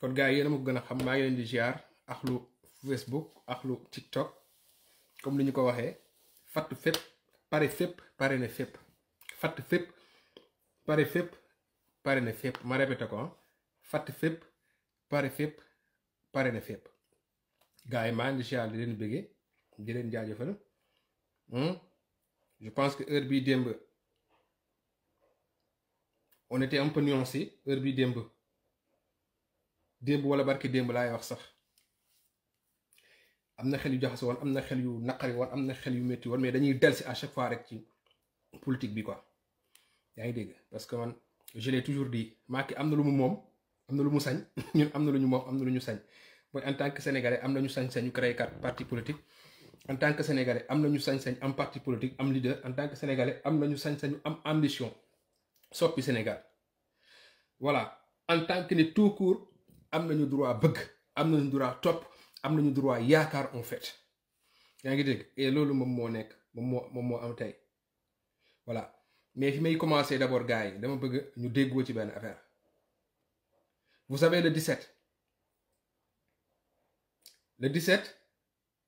kon gars yi yéen a ma gën a xam maa ngi leen di ziar ak lu Facebook ak lu TikTok comme li ñu ko waxee fatt fépp pare fépp pare na fépp fatt fépp pare fépp pare na fépp ma répété ko fatt fépp pare fépp pare na fépp gars yi maa ngi ziar di leen bëggee di leen jaajëfal hmm? je pense que heure bii démb on était un peu nuancé heure bii démb. démb wala barki démb laay wax sax am na xel yu jaxase woon am na xel yu naqari woon am na xel yu métti woon mais dañuy del si à chaque fois rek ci politique bi quoi yaa ngi dégg parce que man je l'ai toujours di Macky am na lu mu moom am na lu mu sañ ñun am na lu ñu moom am na lu ñu sañ mooy en tant que sénégalais am nañu sañ-sañu créer parti politique en tant que sénégalais am nañu sañ-sañ am parti politique am leader en tant que sénégalais am ñu sañ-sañu am ambition soppi Sénégal voilà en tant que ne tout court am nañu droit bëgg am nañu droit topp am na ñu droit yaakaar en fait yaa ngi dégg et loolu moom moo nekk moom moo moom moo am tey voilà mais fi may commencer d'abord gars yi dama bëgg ñu déggoo ci benn affaire vous savez le 17 le 17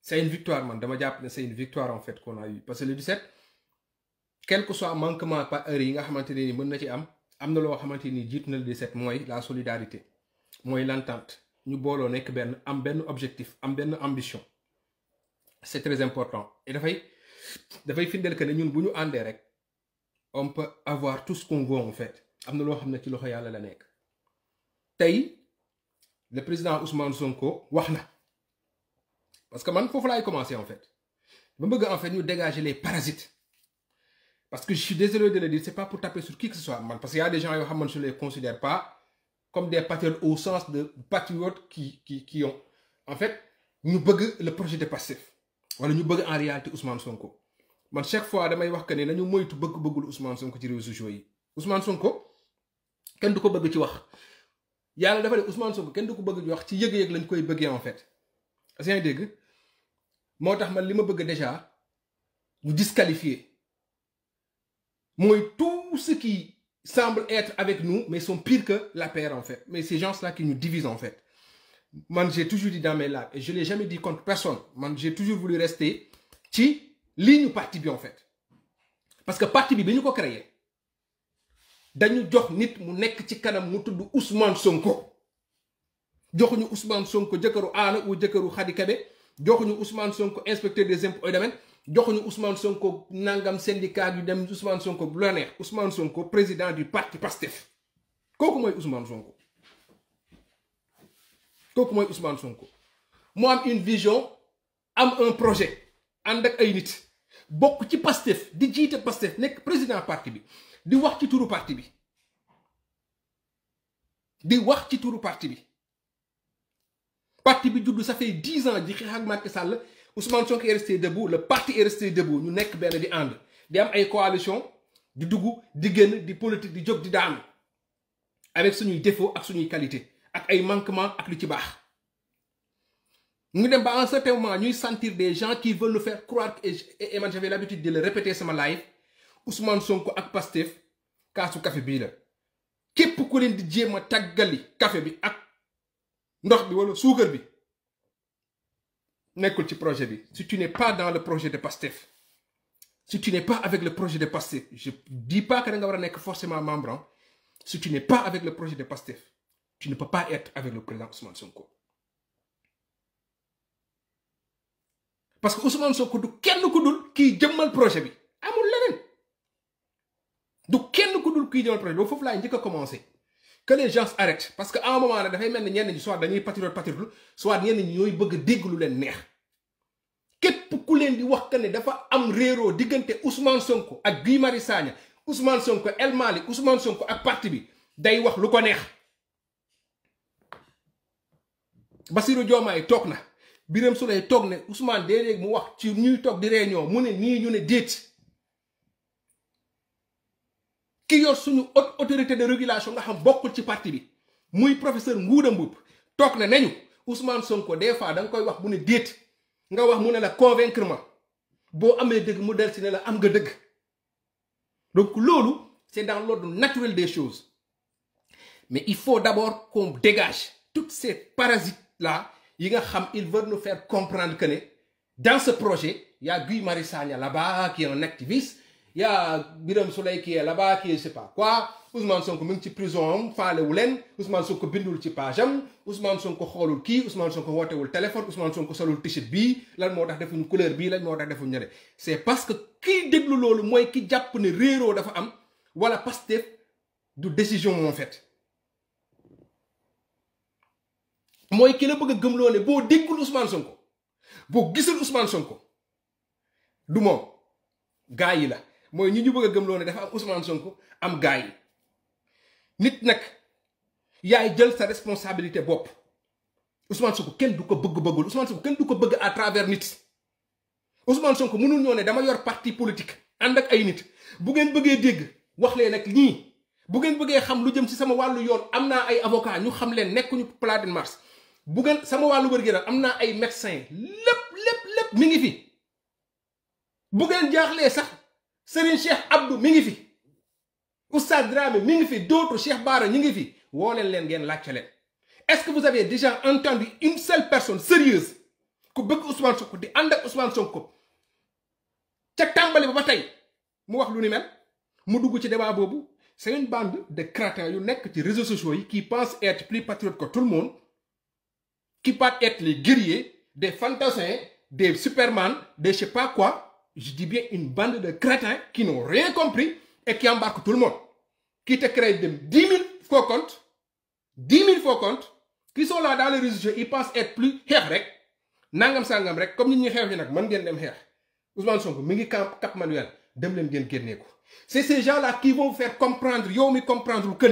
c'est une victoire man dama jàpp ne c'est une victoire en fait qu'on a eu parce que le 17 quel soit manquement par heure yi nga xamante ne ni mën na ci am am na loo xamante ni jiit na le 17 mooy la solidarité. moy l'entente ñu booloo nek ben am ben objectif am ben ambition c'est très important et da fay findel que ñun buñu andé rek on peut avoir tout ce qu'on veut en fait amna lo loo ci loxo la nek tay le président Ousmane Sonko waxna parce que man fofu lay commencer en fait nous bëgg en fait ñu dégager les parasites parce que je suis désolé de le dire c'est pas pour taper sur qui que ce soit man parce qu'il y a des gens yo xam ne je les considère pas comme des patriotes au sens de patriotes qui, qui, qui ont. En fait, nous bugue le projet de passif. nous en réalité Ousmane Sonko. chaque fois, je dis que nous moytu Ousmane Sonko ci Ousmane Sonko tu bëgg ci wax. dafa Ousmane Sonko bëgg ci wax ci lañ koy en fait. dégg man déjà disqualifier moi tout ce qui semblent être avec nous, mais sont pires que la paire en fait. Mais ces gens-là qui nous divisent en fait. Moi, j'ai toujours dit dans mes lives, et je ne l'ai jamais dit contre personne, moi, j'ai toujours voulu rester qui ligne parti bien en fait. Parce que parti bien nous avons dañu jox nit mu ci kanam mu de Ousmane Sonko Ousmane Sonko que ou Ousmane Sonko inspecteur des impôts et joxuñu Ousmane Sonko nangam syndicat du dem Ousmane Sonko bu la neex Ousmane Sonko président du parti PASTEF kooku moy Ousmane Sonko kooku moy Ousmane Sonko Moi, am une vision am un projet ànd ak ay nit bokk ci PASTEF di jité PASTEF nekk président parti bi di wax ci turu parti bi di wax ci turu parti bi parti bi juddu ça fait 10 ans ji xeex ak Macky Sall Ousmane Sonko est resté debout le parti est resté debout nous ñu nekk de di Il di a une coalition di Dougou, di des di politique di job, de dame, avec son défaut ak son qualité ak ay manquement ak lu ci Nous avons un certain moment ñuy sentir des gens qui veulent nous faire croire et man j'avais l'habitude de le répéter sur ma live Ousmane Sonko ak Pastef kaasu café Qui la ce ku leen di jéem a tàggali café bi ak ndox bi wala ci projet si tu n'es pas dans le projet de PASTEF si tu n'es pas avec le projet de PASTEF je dis pas que tu n'es pas forcément membre hein. si tu n'es pas avec le projet de PASTEF tu ne peux pas être avec le président Ousmane Sonko parce que Ousmane Sonko du kenn ku dul kii jëmmal projet bi amul leneen du kenn ku dul dans jëmmal projet il fofu laay njëkk commencer que les gens arrêtent parce que à un dafay mel ni ñenn ñi soit dañuy patriote patriote soit ñenn ñi ñooy bëgg a dégg lu leen neex képp ku leen di wax que ne dafa am réeroo diggante Ousmane Sonko ak Guy Marius Sagna Ousmane Sonko El Malick Ousmane Sonko ak parti bi day wax lu ko neex. Bassirou Diomaye toog na su Souleye toog ne Ousmane déedéet mu wax ci ñuy toog di réunion mu ne nii ñu ne déet. ki a une haute autorité de régulation nga xam beaucoup ci parti bi muy professeur Ngouda qui toog nañu Ousmane Sonko des fois da nga koy wax bu ne déet nga wax mu ne la convaincre ma boo amee dëgg mu si ne la am donc c'est dans l'ordre naturel des choses mais il faut d'abord qu'on dégage toutes ces parasites là yi ils veulent nous faire comprendre que dans ce projet il y a Guy Marissania là-bas qui est un activiste il y a Biram Soleil qui est là-bas qui est je sais pas quoi Ousmane Sonko mi ngi ci prison am faalewu Ousmane Sonko bindul ci page Ousmane Sonko xoolul kii Ousmane Sonko wootewul téléphone Ousmane Sonko solul t-shirt bii lan moo tax defuñu couleur bii lan moo tax defuñu ñeneen c'est parce que kii déglu loolu mooy ki jàpp ne réeroo dafa am wala Pastef du décision en fait mooy ki la bëgg a gëmloo ne boo Ousmane Sonko boo gisul Ousmane Sonko du moom gaa mooy ñi ñu bëgg a gëmloo dafa am Ousmane Sonko am gars yi nit nag yaay jël sa responsabilité bopp Ousmane Sonko kenn du ko bëgg-bëggul Ousmane Sonko kenn du ko bëgg à travers nit Ousmane Sonko mënul ñoo ne dama yor parti politique ànd ak ay nit bu ngeen bëggee dégg wax leen nag ñii bu ngeen bëggee xam lu jëm ci sama wàllu yoon am naa ay avocat ñu xam leen nekkuñu Place de Mars bu ngeen sama wàllu wér-gu-yaram am naa ay médecin lépp lépp lépp mi ngi fi bu ngeen jaaxlee sax Serigne Cheikh Abdou mi ngi fi Oustad Dramé mi fi d'autres Cheikh Bara ñi ngi fi est len ngeen est-ce que vous avez déjà entendu une seule personne sérieuse ku bëgg Ousmane Sonko di Ousmane Sonko ca tambali ba ba mu wax lu ni mel mu dugg ci débat bobu c'est une bande de crétins yu nek ci réseaux sociaux yi qui pensent être plus patriotes que tout le monde qui pensent être les guerriers des fantassins des superman des je sais pas quoi je dis bien une bande de crétins qui n'ont rien compris et qui embarquent tout le monde. Qui te créent 10 000 faux comptes, 10 000 faux comptes, qui sont là dans les réseaux ils pensent être plus Ils rek nangam sangam rek comme ni ñi xeex ñi nag dem Ousmane Sonko camp Cap Manuel dem leen ngeen c'est ces gens là qui vont faire comprendre yow mi comprendre vous que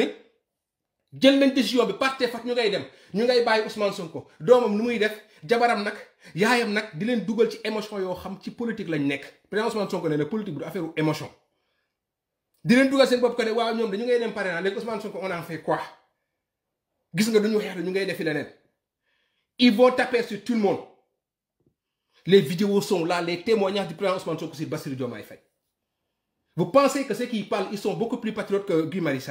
jël nañ décision bi parté fat ñu ngay dem ñu ngay bàyyi Ousmane Sonko domam lu muy def jabaram nak yaayam nak di leen dugal ci émotion yo xam ci politique lañ nekk président Ousmane Sonko nee politique bu affaire émotion di leen dugal seen bopp que ne waaw ñom dañu ngay dem parrainage les Ousmane Sonko on en fait quoi gis nga duñu xeex ñu ngay def leneen ils vont taper sur tout le monde les vidéos sont là les témoignages du président Ousmane Sonko sur Bassirou Diomaye Faye vous pensez que ceux qui parlent ils sont beaucoup plus patriotes que Guy Marius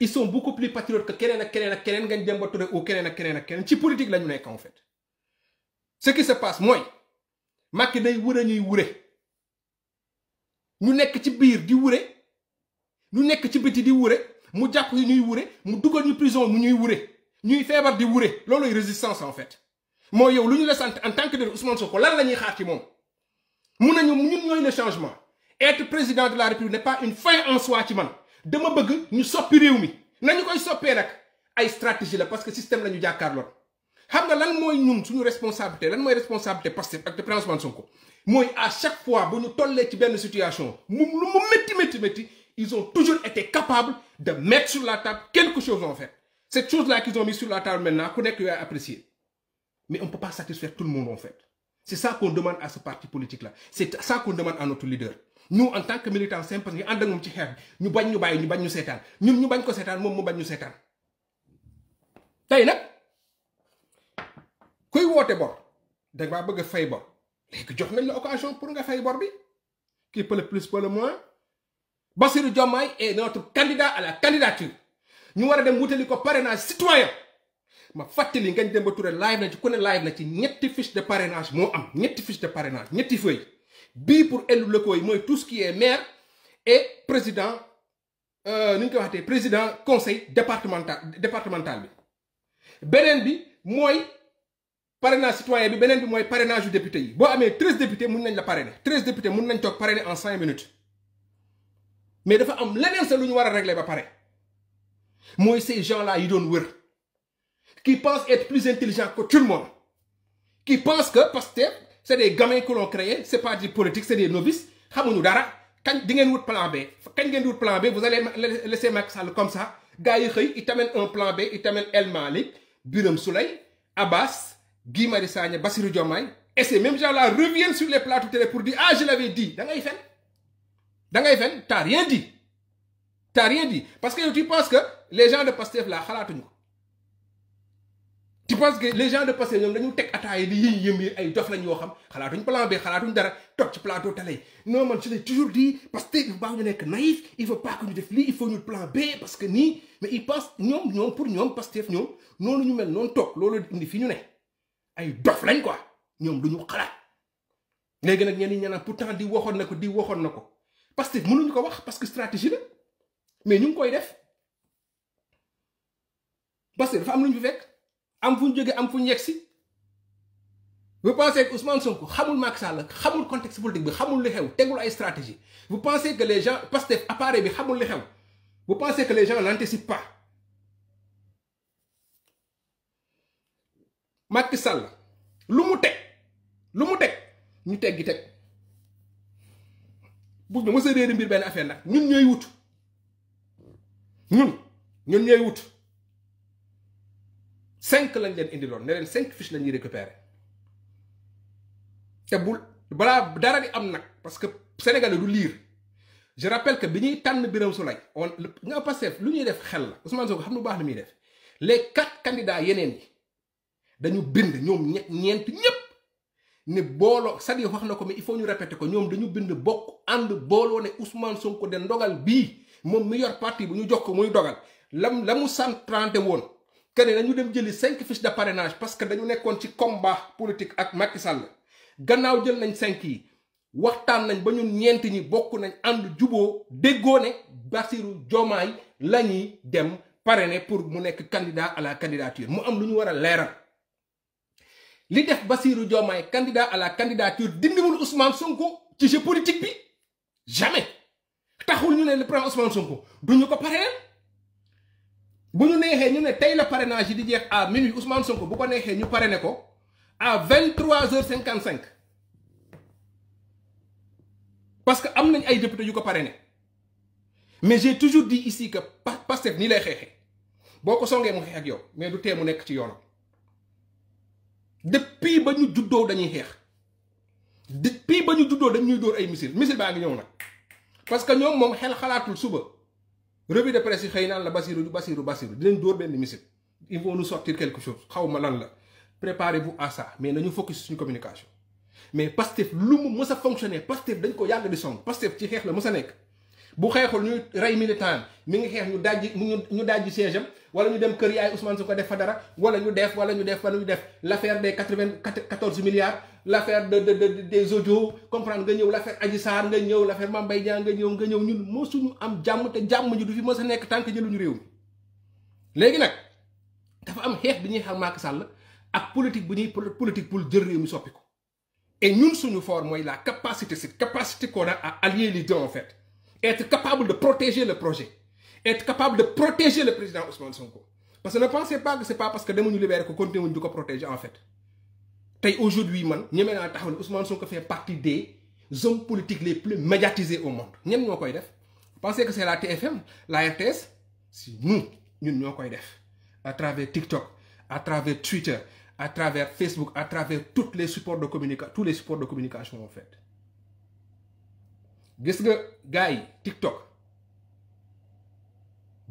ils sont beaucoup plus patriotes que Kenen, Kenen, Kenen, ak Touré ou Kenen, Kenen, Kenen. C'est ci politique là nous nekk en fait ce qui se passe mooy Macky day wure ñuy wure ñu nekk ci biir di wure ñu nekk ci biti di wure mu jàpp ñuy wure mu dugal ñu prison mu ñuy wure ñuy feebar di wure looluy résistance en fait Moi yow lu ñu la en tant que de Ousmane Sonko lan la ñuy xaar ci moom mun nañu ñun ñooy le changement être président de la République n'est pas une fin en soi ci man dama bëgg ñu soppi réew mi nañu koy soppee nag ay stratégie la parce que système est ñu jàkkaarloon xam nga lan nous ñun suñu responsabilité lan mooy responsabilité Pastef ak le président Ousmane à chaque fois bu ñu tollee ci une situation mu lu ils ont toujours été capables de mettre sur la table quelque chose en fait cette chose là qu'ils ont mis sur la table maintenant ku a apprécié. mais on ne peut pas satisfaire tout le monde en fait c'est ça qu'on demande à ce parti politique là c'est ça qu'on demande à notre leader nous en tant que militant simple ñu ànd ak moom ci xeex bi ñu bañ ñu bàyyi ñu bañ ñu seetaan ñun ñu bañ ko seetaan moom mu bañ ñu seetaan tey nag kuy woote bor dangaa bëgg a fay bor léegi jox nañ la occasion pour nga fay bor bi kii peut le plus peut le moins Bassirou Diomaye est notre candidat à la candidature ñu war a dem wutali ko parrainage citoyen ma fàttali ngañ dem ba Touré live na ci ku ne live na ci ñetti fiche de parrainage moo am ñetti fiche de ñetti feuille bi pour Elou locaux moi tout ce qui est maire et président euh, président conseil départemental départemental bi benen bi moy parrainage citoyen bi benen bi moy parrainage député yi boo 13 treize députés ils nañ la parrainer 13 députés ils nañ tok parrainer en 5 minutes mais dafa am leneen sa luñu wara régler ba pare moy ces gens là yi don wër qui pensent être plus intelligents que tout le monde qui pensent que que c'est des gamins que l'on crée c'est pas du politique c'est des novices xamuñu dara kañ di plan B plan B vous allez laisser Macky Sall comme ça gars il t'amène un plan B il t'amène El Malik, biram Soleil, Abbas Guy Marissagne, Sagna Bassirou Diomaye et ces mêmes gens là reviennent sur les plateaux télé pour dire ah je l'avais dit da ngay Tu da t'as rien dit t'as rien dit parce que tu penses que les gens de Pastef là xalaatuñu tu penses que les gens de passé ñom dañu tek ont di ay dof lañ xam xalaatuñ plan B xalaatuñ dara ci plateau télé non je toujours dit parce que il pas il faut pas que nous def il faut nous plan B parce que nous, mais il passe nous, ñom pour nous, que ñom nous ñu mel nous, nous, nous, indi fi ñu ne ay dof lañ quoi ñom nous xalaat nous, nous, nous ñi pourtant di waxon na di waxon na parce que nous ko wax parce que stratégie mais nous, koy def nous, nous, am nous, nous, am fu ñu am fu ñu vous pensez que Ousmane Sonko xamul Macky Sall xamul contexte politique bi xamul li xew tegul ay stratégie vous pensez que les gens Pastef appareil bi xamul li xew vous pensez que les gens n'anticipent pas Macky Sall lu mu teg lu mu teg ñu teggi teg bu ñu mës a réer mbir benn affaire nag ñun ñooy wut ñun ñun ñooy wut 5 lañ leen indiloon ne leen cinq fiches la ñuy récupérer te bu balaa dara di am nag parce que sénégalais du lire je rappelle que bi ñuy tànn Birame Souleye on nga passé lu ñuy def xel la Ousmane Sonko xam nu baax lu muy def les quatre candidats yeneen yi dañu bind ñoom ñett ñeent ñëpp ne booloo cest à wax na ko mais il faut ñu répéter ko ñoom dañu bind bokk ànd booloo ne Ousmane Sonko de ndogal bii moom meilleur parti bu ñu jox ko muy dogal lam lamu mu sant trente woon. que ne dañu dem jëli cinq fiches de parrainage parce que dañu nekkoon ci combat politique ak Macky Sall gannaaw jël nañ cinq yi waxtaan nañ ba ñun ñeent ñi bokk nañ ànd juboo déggoone ne Bassirou Diomaye la ñuy dem parrainer pour mu nekk candidat à la candidature mu am lu ñu war a leeral li def Bassirou Diomaye candidat à la candidature dindiwul Ousmane Sonko ci jeu politique bi jamais taxul ñu ne le président Ousmane Sonko duñu ko parrainer bu ñu neexee ñu la parrainage di à minuit Ousmane Sonko bu ko ñu parrainé ko à 23h55. parce que am nañ ay député yu ko parrainé mais j'ai toujours dit ici que pas ni lay xeexee boko songé mu ak yow mais du té mu ci depuis ba ñu dañuy depuis ba ñu dañuy door ay missile missile parce que xel suba revue de presse yi la naan la Bassirou Bassirou Bassirou dinañ dóor benn musique ils vont nous sortir quelque chose xaw ma lan la préparez-vous à ça mais nañu focus suñu communication mais Pastef lu mu mës a fonctionner Pastef dañ ko yàgg di song Pastef ci xeex la mës bu de ñu ray militant mi ngi ñu dajji ñu dajji siège wala ñu dem kër yaay Ousmane Sonko def fa dara wala ñu def wala ñu des 94 milliards l'affaire de de des audios comprendre nga ñew l'affaire nga nga nga ñun am dafa am politique bu ñuy politique pour jël réew et ñun suñu la capacité cette capacité qu'on a à allier les deux en fait être capable de protéger le projet, être capable de protéger le président Ousmane Sonko. Parce que ne pensez pas que c'est pas parce que nous libérons que continuons de protéger en fait. Aujourd'hui, Ousmane Sonko fait partie des hommes politiques les plus médiatisés au monde. Nous Vous pensez que c'est la TFM, la RTS Si nous, nous avons fait. À travers TikTok, à travers Twitter, à travers Facebook, à travers tous les supports de communication, tous les supports de communication en fait. gis nga gars yi TikTok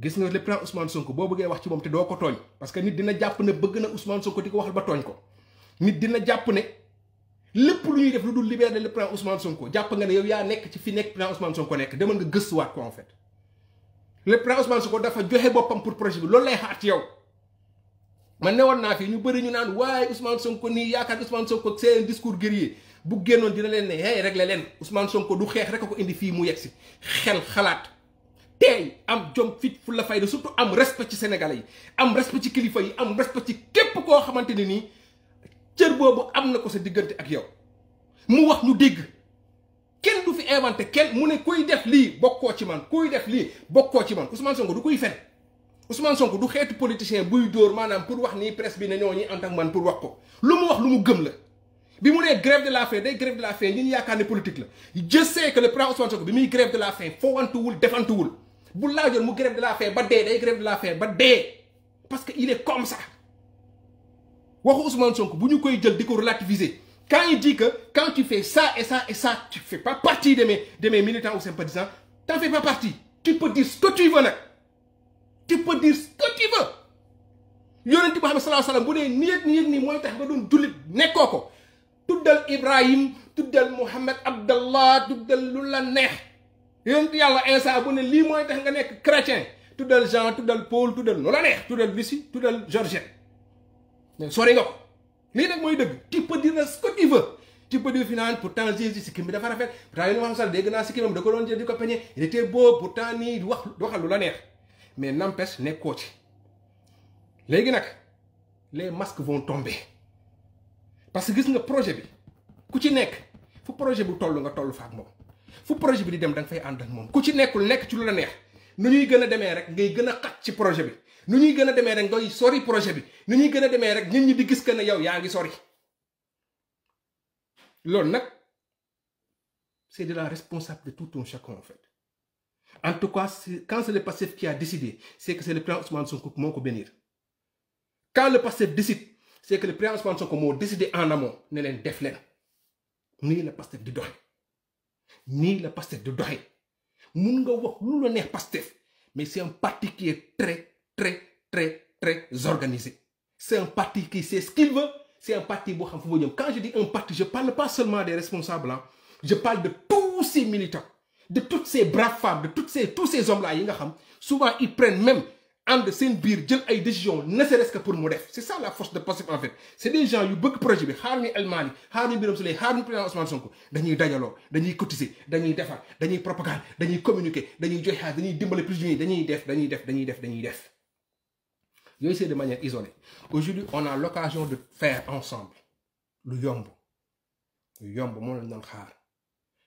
gis nga le plan Ousmane Sonko boo bëggee wax ci moom te doo ko tooñ parce que nit dina jàpp ne bëgg na Ousmane Sonko di ko waxal ba tooñ ko nit dina jàpp ne lépp lu ñuy def lu dul libérer le plan Ousmane Sonko jàpp nga ne yow yaa nekk ci fi nekk plan Ousmane Sonko nekk demal nga gëstuwaat ko en fait le plan Ousmane Sonko dafa joxe boppam pour projet bi loolu lay xaar ci yow. man ne woon naa fi ñu bëri ñu naan waaye Ousmane Sonko nii yaakaar Ousmane Sonko c'est un discours guerrier bu génnoon dina leen ne hey réglé leen Ousmane Sonko du xeex rek a ko indi fii mu yegg si xel xalaat teey am jom fit fu la fayda surtout am respect ci Sénégalais yi am respect ci kilifa yi am respect ci képp koo xamante ne nii cër boobu am na ko sa diggante ak yow mu wax ñu dégg kenn du fi inventé kenn mu ne kuy def lii bokkoo ci man kuy def lii bokkoo ci man Ousmane Sonko du kuy fen Ousmane Sonko du xeetu politicien buy dóor maanaam pour wax nii presse bi ne ñoo ñi ànd ak man pour wax ko lu wax lu mu gëm la bi mu une grève de la faim une grève de la faim ñi ñu yaakaar politique je sais que le président Ousmane Sonko a une grève de la faim foowantuwul defantuwul bu laajoon mu grève de la faim ba dee day grève de la faim ba parce qu'il est comme ça waxu Ousmane Sonko bu ñu koy jël di relativiser quand il dit que quand tu fais ça et ça et ça tu fais pas partie de mes de mes militants ou sympathisants tu t'en fais pas partie tu peux dire ce que tu veux là tu peux dire ce que tu veux yonent bi Muhammad sallallahu alayhi wasallam sallam bu ni nii ak nii ak tax tuddal Ibrahim tuddal mohammed Abdallah tuddal lula la neex yonent yàlla Insa bu ne li moy tax nga nek chrétien tuddal Jean tuddal Paul tuddal lu la neex tuddal Lucie tuddal Georgette mais sori nga ko li nak moy deug tu peux dire ce que tu veux tu peux dire finaan pourtant Jésus sikkim bi dafa rafet pourtant yéen ma xam dégg naa mom da ko don jël di ko il était beau pourtant ni wax waxal lu la neex mais n'empêche nekkoo ci légui nak les masques vont tomber parce que c'est nga projet bi projet bu tollu nga fa ak fu projet bi di dem fay ak ku ci ci lu la nu ñuy a rek ngay gëna xat ci projet bi nu ñuy gëna a rek ngay sori projet bi nu ñuy gëna démé rek nit ñi di que ne c'est de la responsable de tout un chacun en fait en tout cas quand c'est le passé qui a décidé c'est que c'est le plan Ousmane Sonko quand le passé décide c'est que le président Ousmane Sonko moo décidé en amont ne leen def leen nii la Pastef di doxe nii pasteur de di tu peux nga wax lu pasteur. Pastef mais c'est un parti qui est très très très très organisé c'est un parti qui sait ce qu'il veut c'est un parti qui xam quand je dis un parti je parle pas seulement des responsables hein. je parle de tous ces militants de toutes ces braves femmes de toutes ces tous ces hommes là yi souvent ils prennent même ànd seen biir jël ay décision ne serait-ce que pour mu def c'est ça la force de Pastef en fait c'est des gens yu bëgg projet bi xaar ñu Almaañ xaar ñu Birame Souleye xaar président Ousmane Sonko dañuy dajalo dañuy cotiser dañuy defar dañuy propagande dañuy communiquer dañuy joxe xaalis dañuy dimbale prisonniers dañuy def dañuy def dañuy def dañuy def yooyu c'est de manière isolée aujourd'hui on a l'occasion de faire ensemble lu yomb lu yomb mo lañ don xaar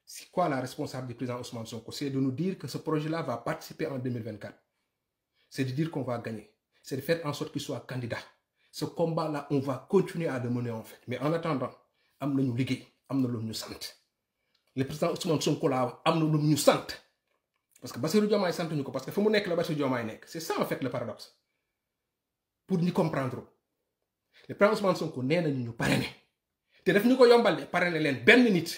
c'est quoi la responsable du président Ousmane Sonko c'est de nous dire que ce projet-là va participer en 2024 c'est de dire qu'on va gagner. C'est de faire en sorte qu'il soit candidat. Ce combat-là, on va continuer à le mener en fait. Mais en attendant, nous sommes liggéey am na lu le président Ousmane Sonko laa nous na parce que Bassirou Diomaye sant ñu ko parce que fu nek la Bassirou Diomaye nek c'est ça en fait le paradoxe pour nous comprendre le président Ousmane Sonko Il est ñu parrainé te daf ñu Il yombal parrainé leen benn nit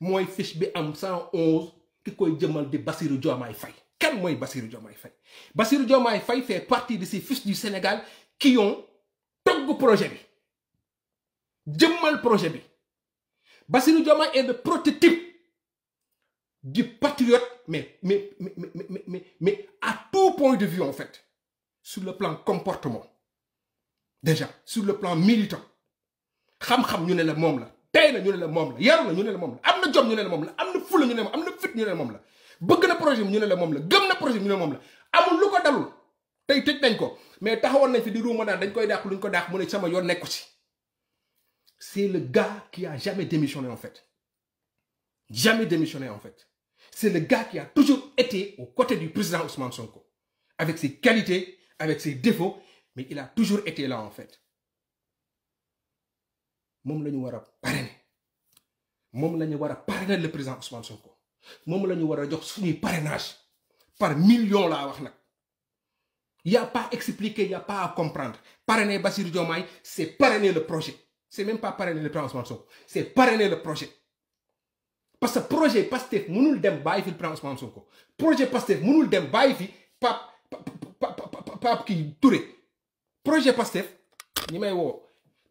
mooy Il bi am 111 ki koy jëmal di Bassirou Diomaye Faye quel mooy Bassirou Diomaye Faye Bassirou Diomaye Faye fait partie de ces fils du Sénégal qui ont togg projet bi jëmmal projet bi Bassirou Diomaye est le prototype du patriote mais mais mais mais mais mais à tout point de vue en fait sur le plan comportement déjà sur le plan militant xam-xam ñu né la mom la tay na ñu né la mom la yaru na ñu né la mom la am jom ñu né la mom la amna na fula ñu né la moom fit ñu né la la c'est le gars qui a jamais démissionné en fait jamais démissionné en fait c'est le gars qui a toujours été au côté du président Ousmane Sonko avec ses qualités avec ses défauts mais il a toujours été là en fait moom la ñu war a parrainer moom la ñu war a parrainer le président Ousmane Sonko moom la ñu war a jox parrainage par million là, wax a y' a pas il y' a pas à comprendre parrainer Basir Diomaye c'est parrainer le projet c'est même pas parrainer le plan Ousmane c'est C'est parrainer le projet parce que projet Pastef mënul dem pas fi le plan Ousmane Le projet Pastef mënul dem pas fi le Pape qui Touré projet Pastef Le may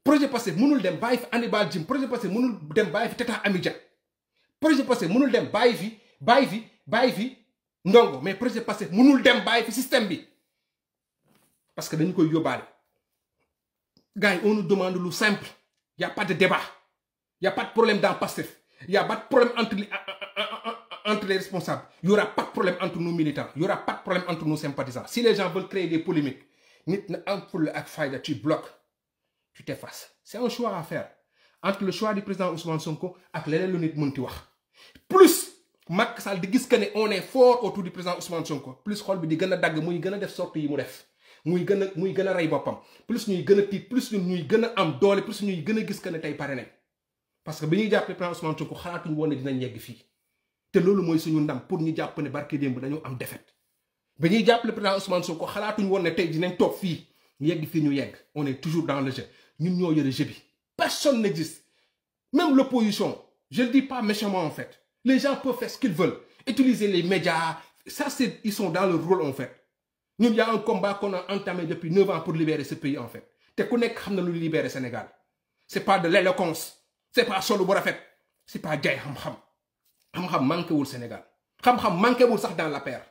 projet Pastef mënul dem pas fi Hannibal Le projet Pastef mënul dem bàyyi fi Tata Amidja projet passé, mënul dem bàyyi fi bàyyi fi bàyyi fi ndongo mais projet passé, mënul dem fi système bi parce que nous, koy yobale gars on nous demande lu simple Il y' a pas de débat Il y' a pas de problème dans Il y' a pas de problème entre les entre les responsables y' aura pas de problème entre nos militants Il n'y aura pas de problème entre nos sympathisants si les gens veulent créer des polémiques nit na am tu bloques tu t'effaces C'est un choix à faire entre le choix du président Ousmane Sonko ak leneen lu nit plus Macky Sall di gis que ne on est fort autour du président Ousmane Sonko plus xol bi di gëna dag dagg muy gën def sorte yi mu def muy gëna a muy gën a rey plus ñuy gëna ti plus ñuy gëna am doole plus ñuy gëna a gis que ne tay paré né parce que bi ñuy jàppale président Ousmane Sonko xalaatuñu woon ne dinañ yegg fii te loolu mooy suñu ndam pour ñu japp né Barké démb dañu am défaite bi ñuy le président Ousmane Sonko xalaatuñu woon ne tey dinañ toog fi yegg fi ñu yegg on est toujours dans le jeu ñun ñoo yëre jeu bi personne n'existe même l'opposition je ne le dis pas méchamment en fait. Les gens peuvent faire ce qu'ils veulent. Utiliser les médias. Ça, c'est... ils sont dans le rôle en fait. Nous, il y a un combat qu'on a entamé depuis 9 ans pour libérer ce pays en fait. Tu connais comment nous libérer le Sénégal. Ce n'est pas de l'éloquence. Ce n'est pas solo borafet. Ce n'est pas gay ham ham. Ham ham manque au Sénégal. Ham ham manque au dans la paire.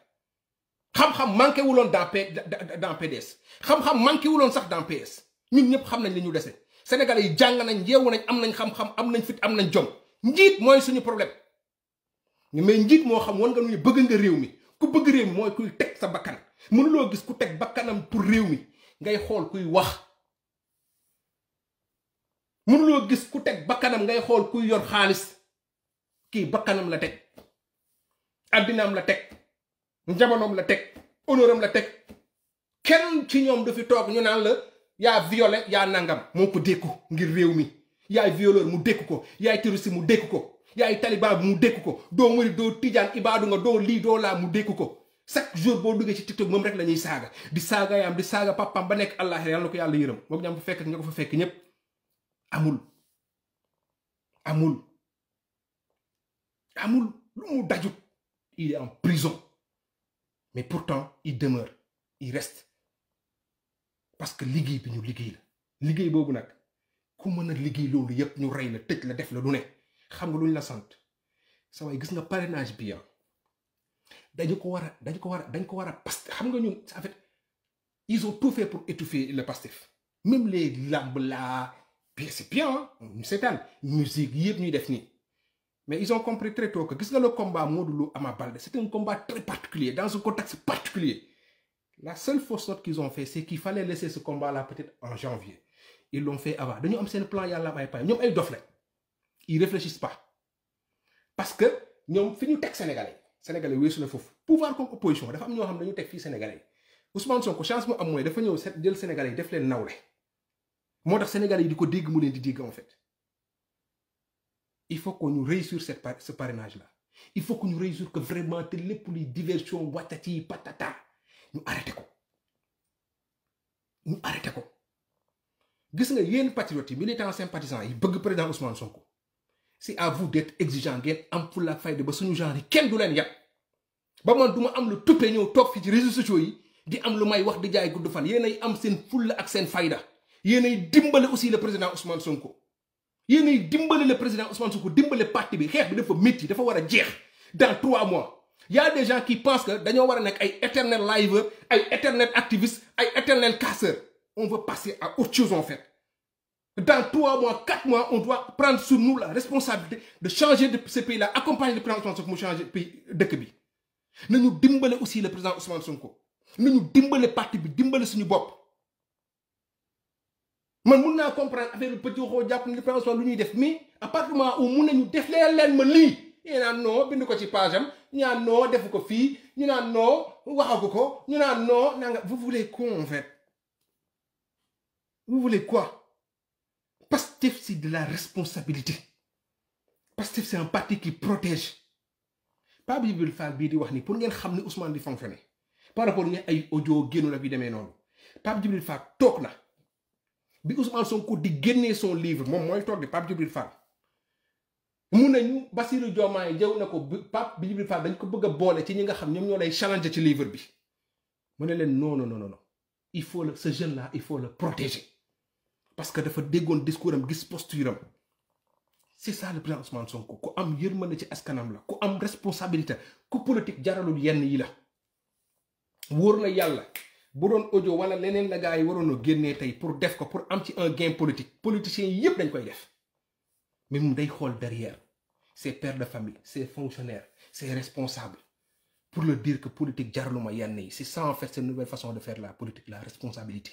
Ham ham manque au dans, dans PDS. Ham ham manque au dans PS. Nous, nous, nous, Sénégalais, ils ont des gens, ils ont des le ils njiit mooy suñu problème mais njiit moo xam wan nga nu bëgg nga réew mi ku bëgg réew mi mooy kuy teg sa bakkan mënuloo gis ku teg bakkanam pour réew mi ngay xool kuy wax mënuloo gis ku teg bakkanam ngay xool kuy yor xaalis kii bakkanam la teg addinaam la teg njabootam la teg honoram la teg kenn ci ñoom du fi toog ñu naan la yaa viole yaa nangam moo ko dékku ngir réew mi yaay violeur mu dekk ko yaay terroriste mu dekk ko yaay taliban mu dekk ko do murit do tidiane ibadu nga do li do la mu dekk ko chaque jour bo duggee ci tiktok mom rek lañuy saga di saga yam di saga papam ba nek allah yalla na ko yàlla yërëm moom ñaam fa fekk ak ko fa fekk ñep amul amul amul lu mu dajut il est en prison mais pourtant il demeure il reste parce que liggéey bi ñu liggéey la liggéey bobu nak ku mën a liggéey loolu yëpp ñu rey la tëj la def la lu ne xam nga luñ la sant sa gis nga parrainage bien. ah ko war a ko war dañ ko ils ont tout fait pour étouffer le Pastef même les làmb pire bien c'est bien ñu hein. seetaan musique yëpp ñuy def ni mais ils ont compris très tôt que gis nga le combat Modou à Ama balle, c'est un combat très particulier dans un contexte particulier la seule fausse note qu'ils ont fait c'est qu'il fallait laisser ce combat là peut-être en janvier ils l'ont fait avant dañu am seen plan yàlla am ay pay ñoom ay dof ils réfléchissent pas parce que nous fi ñu teg sénégalais sénégalais weesu le foofu pouvoir comme opposition dafa am ñoo xam ne dañu les fii sénégalais Ousmane Sonko chance mu am mooy dafa ñëw set jël sénégalais yi def leen nawle moo sénégalais du di ko dégg mu leen di en fait il faut que réussisse cette ce parrainage là il faut qu'on réussisse que vraiment les lépp luy diversion watati patata ñu arrêté ko ñu ko gis nga yéen patriotes yi militants sympathisants yi bëgg président Ousmane Sonko c'est à vous d'être exigeant ngeen am fulla la fayda ba suñu genre yi kenn du leen yàq ba man du ma am lu tuppe ñëw toog fii ci réseaux sociaux yi di am lu may wax di jaay gudd fan yéenay am seen fulla ak seen fayda aussi le président Ousmane Sonko. yéenay dimbalé le président Ousmane Sonko le parti bi xeex bi dafa métti dafa war a dans trois mois. y a des gens qui pensent que dañoo wara a éternel ay éternels éternel ay éternels activistes ay casseurs on veut passer à autre chose en fait. Dans trois mois, quatre mois, on doit prendre sur nous la responsabilité de changer de ce pays-là, accompagner le président Ousmane Sonko pour changer le pays Nous, nous aussi le président Ousmane Sonko nous le parti bi dimbale suñu man comprendre avec le petit xoo le président Ousmane def mais à partir du moment où nous nous def leen nous il non non a non a non vous voulez quoi en fait. Vous voulez quoi Pastef, c'est de la responsabilité. Pastef, c'est un parti qui protège. Pas Bible Fall bi di wax ni pour ngeen xam Ousmane di fonctionner par rapport ni ay audio génnu la bi demee noonu Pape Djibril Fall toog na bi Ousmane Sonko di génnee son livre moom mooy tok de Pape Djibril Fall mun nañu Bassirou Diomaye jëw na ko Pape Djibril Fall dañ ko bëgg bolé ci ñinga nga xam ñoom ñoo challenger ci livre bi mu ne leen non non non non il faut le ce jeune là il faut le protéger parce que dafa déggoon discours gis posture c'est ça le président Ousmane Sonko ko am yërmande ci askanam la ko am responsabilité ko politique jaralul yenn yi la worna yalla bu doon audio wala lenen la gars yi waroon a pour def ko pour am ci un gain politique politiciens yépp dañ koy def mais mum day xol derrière ses pères de famille ses fonctionnaires ses responsables pour le dire que politique jaraluma yenn yi c'est ça en fait c'est une nouvelle façon de faire la politique la responsabilité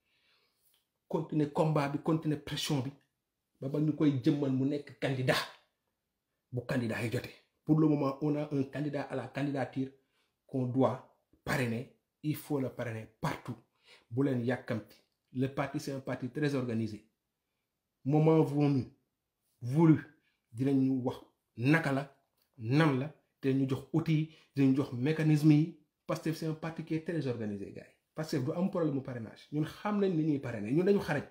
continuer combat bi la pression bi nous avons ñu koy jëmmal mu nekk candidat candidat pour le moment on a un candidat à la candidature qu'on doit parrainer il faut le parrainer partout bu le parti c'est un parti très organisé moment venu voulu nous wax naka la la nous ñu jox outils yi nous jox mécanisme parce que c'est un parti qui est très organisé gars Pastef du am problème mu parrainage ñun xam nañ ni ñuy parrainer ñun dañu xarañ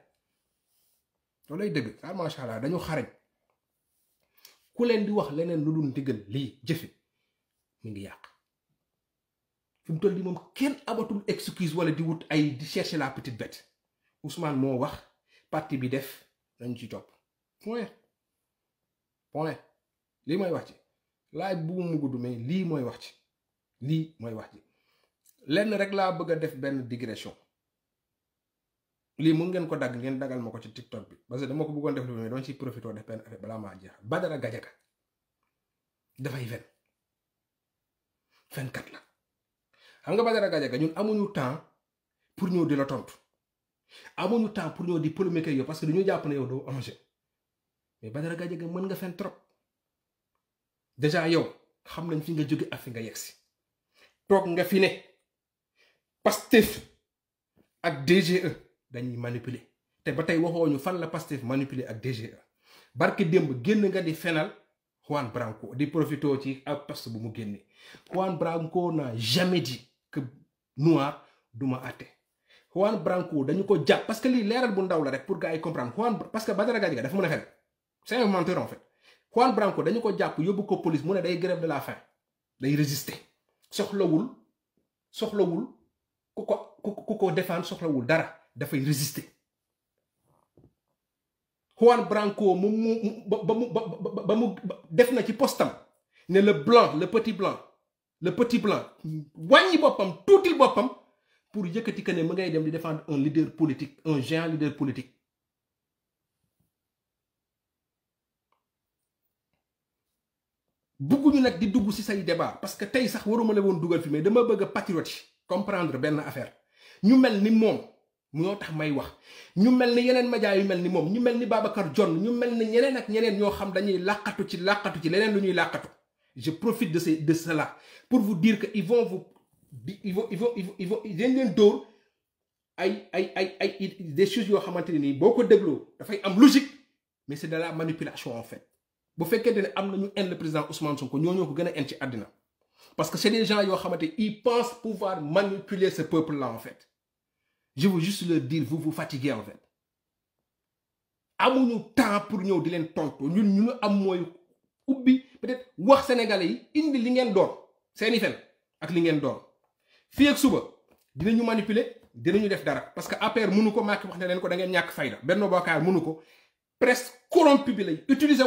loolu lay dëgg ah macha allah dañu xarañ ku leen di wax leneen lu dul ndigal lii jëfe mu ngi yàq fi mu toll di moom kenn abatul excuse wala di wut ay di chercher la petite bête Ousmane moo wax parti bi def nañ ci topp point point lii mooy wax ci laaj bu mu gudd mais lii mooy wax ci lii mooy wax ci. lenn rek laa bëgg def benn digression lii mun ngeen ko dagg ngeen dagal ma ko ci tiktok bi parce que dama ko bëggoon def lu mais doon ci profité def benn affaire balaa maa jeex Badara Gadiaga dafay fen fenkat la xam nga Badara Gadiaga ñun amuñu temps pour ñëw di la tontu amuñu temps pour ñëw di polémique yow parce que dañoo jàpp ne yow doo arrangé mais Badara Gadiaga mën nga fen trop déjà yow xam nañ fi nga jóge ak fi nga yegsi toog nga fi ne. Pastef ak DGE dañuy manipuler té batay tey ñu fan la Pastef manipuler ak DGE barke demb genn nga di fénal Juan Branco di profito ci ak poste bu mu génne Juan Branco n'a jamais dit que noir duma até Juan Branco dañu ko japp parce que li léral bu ndaw la rek pour gars comprendre Juan parce que Badara Gadiaga dafa mëna a c'est un menteur en fait Juan Branco dañu ko japp yóbbu ko police mu ne day grève de la faim day résister soxlawul soxlawul ku ko ko défendre soxlawul dara fay résister Juan Branco mu mu ba mu ba def na ci postam né le blanc le petit blanc le petit blanc wàññi boppam tuuti bopam pour yëkëti que ne mu ngay dem di défendre un leader politique un géant leader politique ñu nak di dugg ci say débat parce que tay sax waruma le won duggal fi mais dama bëgg a comprendre ben affaire ñu melni mom moom tax may wax ñu melni yenen yeneen médias yu melni mom ñu melni Babacar John ñu melni ni ñeneen ak ñeneen ño xam dañuy laqatu ci laqatu ci leneen lu ñuy làqatu je profite de ce de cela pour vous dire que ils vont vous ils vont ils vont ils vont dañ leen dóor ay ay ay ay des choses yo xamanteni boko nii da fay am logique mais c'est de la manipulation en fait bu fekkee ne am nañu haine le président Ousmane Sonko ñoo ñoo ko gën a ci adina parce que c'est des gens, ils pensent pouvoir manipuler ce peuple-là, en fait. Je veux juste leur dire, vous vous fatiguez, en fait. amuñu temps pour nous di peut-être wax sénégalais yi indi li ngeen doon seeni temps. ak li d'or. ak suba nous manipuler dinañu def dara parce que APR mënu ko marqué wax ne leen ko da Benno presse utiliser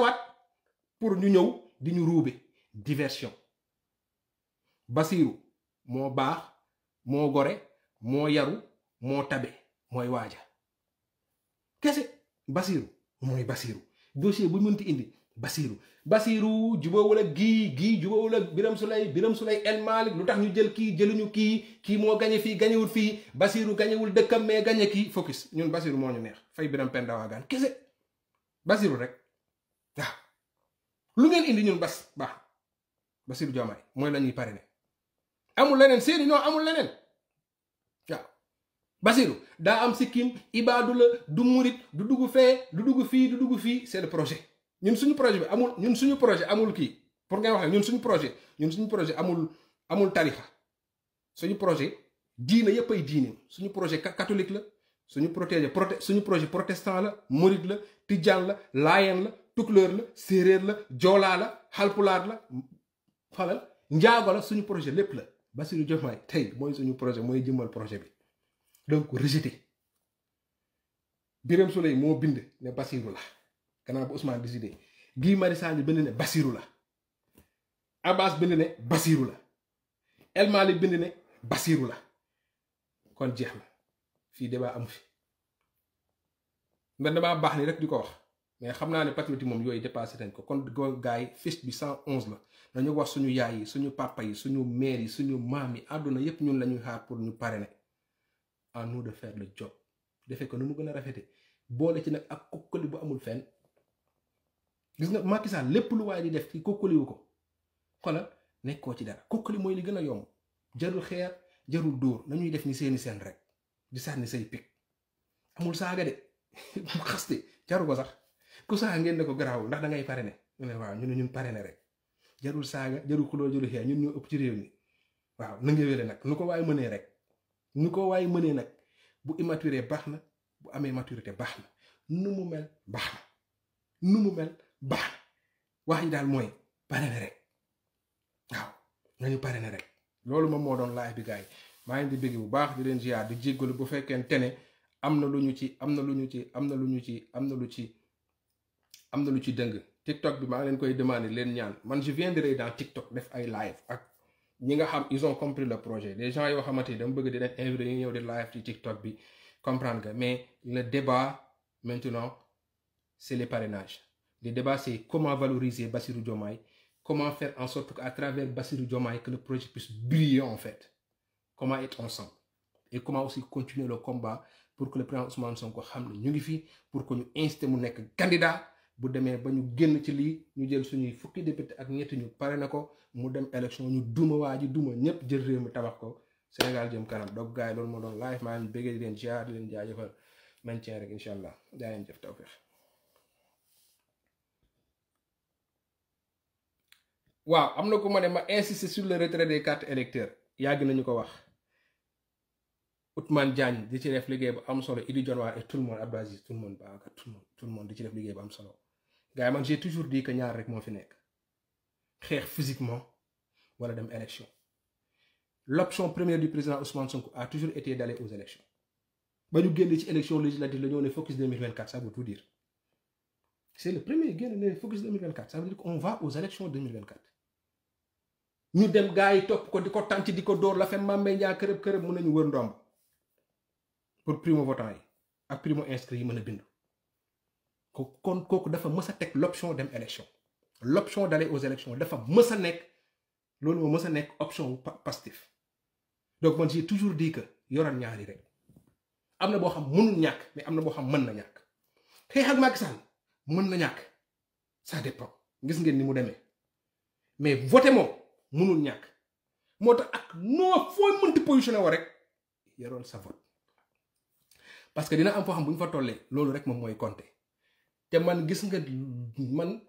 pour diversion basiiru moo baax moo gore moo yaru moo tabe mooy waaja kese basiiru mooy basiiru dossier bu mënti indi basiiru basiiru jubóowul ak gii gii jubóowul ak biram sulay biram sulay el malik lu tax ñu jël kii jëluñu kii kii moo gañe fii gañewul fii basiiru gañewul dëkkam mais gañe kii focus ñun basiiru moo ñu neex fay biram pendawaagaan kese basiiru rek waaw lu ngeen indi ñun bas baax basiiru joomaay mooy la ñuy pare ne amul leneen seeni ñoo amul leneen waaw Basiru daa am sikkim ibaadu la du murit du dugg fee du dugg fii du dugg fii c'est projet ñun suñu projet bi amul ñun suñu projet amul kii pour ngay wax ñun suñu projet ñun suñu projet amul amul tarixa suñu projet diine yëpp ay diine suñu projet katolik la suñu protégé proté suñu projet protestant la murit la tijaan la laayeen la tukulóor la séeréer la joolaa la xalpulaat la xalal njaago la suñu projet lépp la Bassirou Diomaye tay moy suñu projet moy jëmmal projet bi donc rejeté birem Souleye mo bind ne Bassirou la kana bu Ousmane décidé gi Marius Sagna bind ne Bassirou la Abbas bind ne Bassirou la El malik bind ne Bassirou la kon jeex na fii débat amu fi man damaa baax ni rek diko wax mais xamna naa ne patriote moom yooyu dépassé nañ ko kon gars yi fiche bi 111 la. nañu wax suñu yaay yi suñu papa yi suñu mère yi suñu maam yi àdduna yépp ñun lañuy ñuy xaar pour ñu parrainer à nous de faire le job ko nu mu gën a rafete boole ci nag ak kokkali bu amul fen gis nga Macky Sall lépp lu waaye di def ci kokkaliwu ko xoolal nekkoo ci dara kokkali mooy li gën a yomb jarul xeer jarul dóor nañuy def ni seeni seen rek di sànni say pik amul saaga de mu jaru ko sax ku saaga ngeen ne ko garaaw ndax da ngay parrainer ñu ne waaw ñu ne ñun parrainer jarul saaga jarul xuloo jarul xeex ñun ñu ëpp ci réew mi waaw na nga nag nu ko waaye mënee rek nu ko waay mënee nag bu immaturé baax na bu amee maturité baax na nu mu mel baax na mu mel baax wax yi daal mooy pare na rek waaw nañu pare na rek loolu moom moo doon laaj bi gars yi maa ngi di bëgg bu baax di leen ziar di jéggalu bu fekkente tene am na lu ñu ci am na lu ñu ci am na lu ñu ci am na lu ci am na lu ci dëng TikTok bi ma leen koy demander ñaan man je viendrai dans TikTok def ay live ak ñi ils ont compris le projet les gens yo xamanté dama bëgg di live ci TikTok bi comprendre mais le débat maintenant c'est les parrainages le débat c'est comment valoriser Bassirou Diomaye comment faire en sorte qu'à travers Bassirou Diomaye que le projet puisse briller en fait comment être ensemble et comment aussi continuer le combat pour que le président Ousmane Sonko xam ne ñu ngi fi pour que ñu inciter mu candidat bu demee ba ñu génn ci lii ñu jël suñuy fukki député ak ñetti ñu pare na ko mu dem élection ñu duma waa ji duma ñëpp jël réew mi tabax ko Sénégal jëm kanam donc gars yi loolu moo doon live maa ngi bëggee di leen ziar di leen jaajëfal maintien rek incha allah daa leen jëf tawfeex waaw am na ku ma ne ma insister sur le retrait des cartes électeurs yàgg nañu ko wax Ousmane Diagne di ci def liggéey bu am solo Idi et tout le monde Abdou tout le monde Baaka tout le monde tout le monde di ci def liggéey bu am solo gaay man j'ai toujours dit que ñaar rek mo fi nek xeex physiquement wala dem élection l'option première du président Ousmane Sonko a toujours été d'aller aux élections ba ñu génn ci élection législative la ñu focus 2024 ça veut tout dire c'est le premier génn né focus 2024 ça veut dire qu'on va aux élections 2024 ñu dem gaay top ko diko ko diko di la fem Mame Mbaye Niang kërëb kërëb wër ndomb pour primo votant ak primo inscrit yi mën a ko kon kooku dafa mës tek l'option dem élection l'option d'aller aux élections dafa mës nek lolou loolu moo mës option passif donc man j'ai toujours dit que yoral ñaari rek amna bo xam mënul ñak mais amna bo xam mën na ñak xeex ak Macky Sall mën na ñak ça dépend gis ngeen ni mu démé mais voté mo mënul ñak motax tax ak noo fooy mënti positioner wa rek yoral sa vote parce que dina am foo xam buñ fa tollé lolu rek mom moy compter té man gis nga man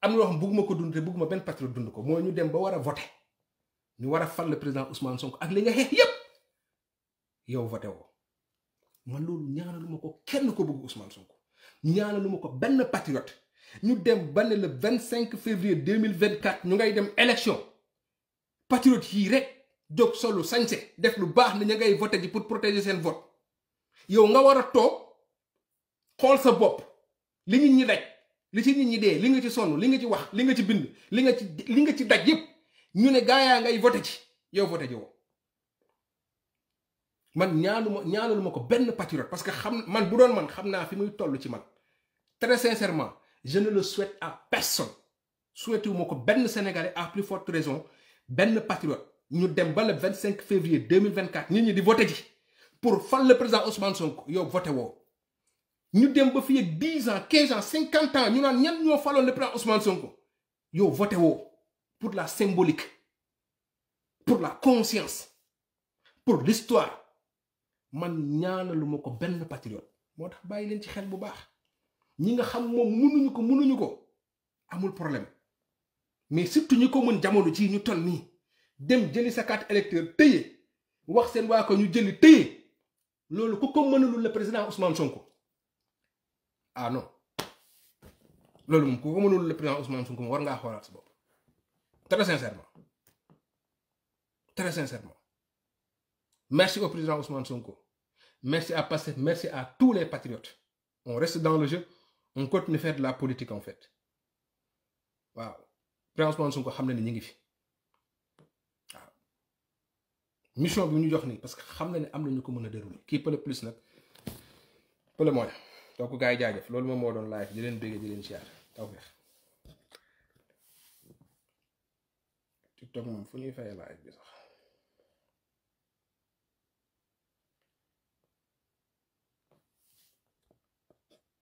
am lo xam bugguma ko dund té bugguma ben patriote dund ko mooy ñu dem ba wara voter ñu wara a fal le président Ousmane Sonko ak li nga xex yépp yow voté wo man lolu ñaanaluma ko kenn ko bëgg Ousmane Sonko ñaanaluma ko ben patriote ñu dem ba le 25 février 2024 ñu ngay dem élection patriote yii rek solo solu sañse def lu baax ne ña ngay voter ji pour protéger sen vote yow nga wara a xol sa bop li nit ñi daj li ci nit ñi dee li nga ci sonu li nga ci wax li nga ci bind li nga ci li nga ci daj yépp ñu né gaaya yaa ngay voté ci yow voté ji man ñaanuma ñaanaluma ko benn patriote parce que xam man bu doon man xam naa fi muy toll ci man très sincèrement je ne le souhaite à personne souhaitewuma ko benn sénégalais à plus forte raison benn patriote ñu dem ba le 25 février 2024 nit ñi di voté ji pour faire le président Ousmane Sonko yow voté woo ñu dem ba fii ak 10 ans 15 ans 50 ans ñu avons ñan ñoo le président Ousmane Sonko yow voté woo pour la symbolique pour la conscience pour l'histoire man ñaanalu ma ko benn patriote moo tax bàyyi leen ci xel bu baax ñi nga xam moom mënuñu ko mënuñu ko amul problème mais surtout ñi ko mën jamono ci ñu toll nii dem jëli sa carte électeur téye wax sen waa ko ñu jëli téye ko le président Ousmane Sonko ah non le président Ousmane Sonko war nga xolat sa très sincèrement très sincèrement merci au président Ousmane Sonko merci à merci à tous les patriotes on reste dans le jeu on continue faire de la politique en fait Wow. président Ousmane Sonko xam ni ñi ngi mission bi ñu jox ni parce que xam na ne am nañu ko mëna a ki kii le plus nak peut le moins donc gaay jaajeuf loolu mo mo doon live di leen bëgg di leen siyaar tawfeex TikTok moom fu ñuy fay live bi sax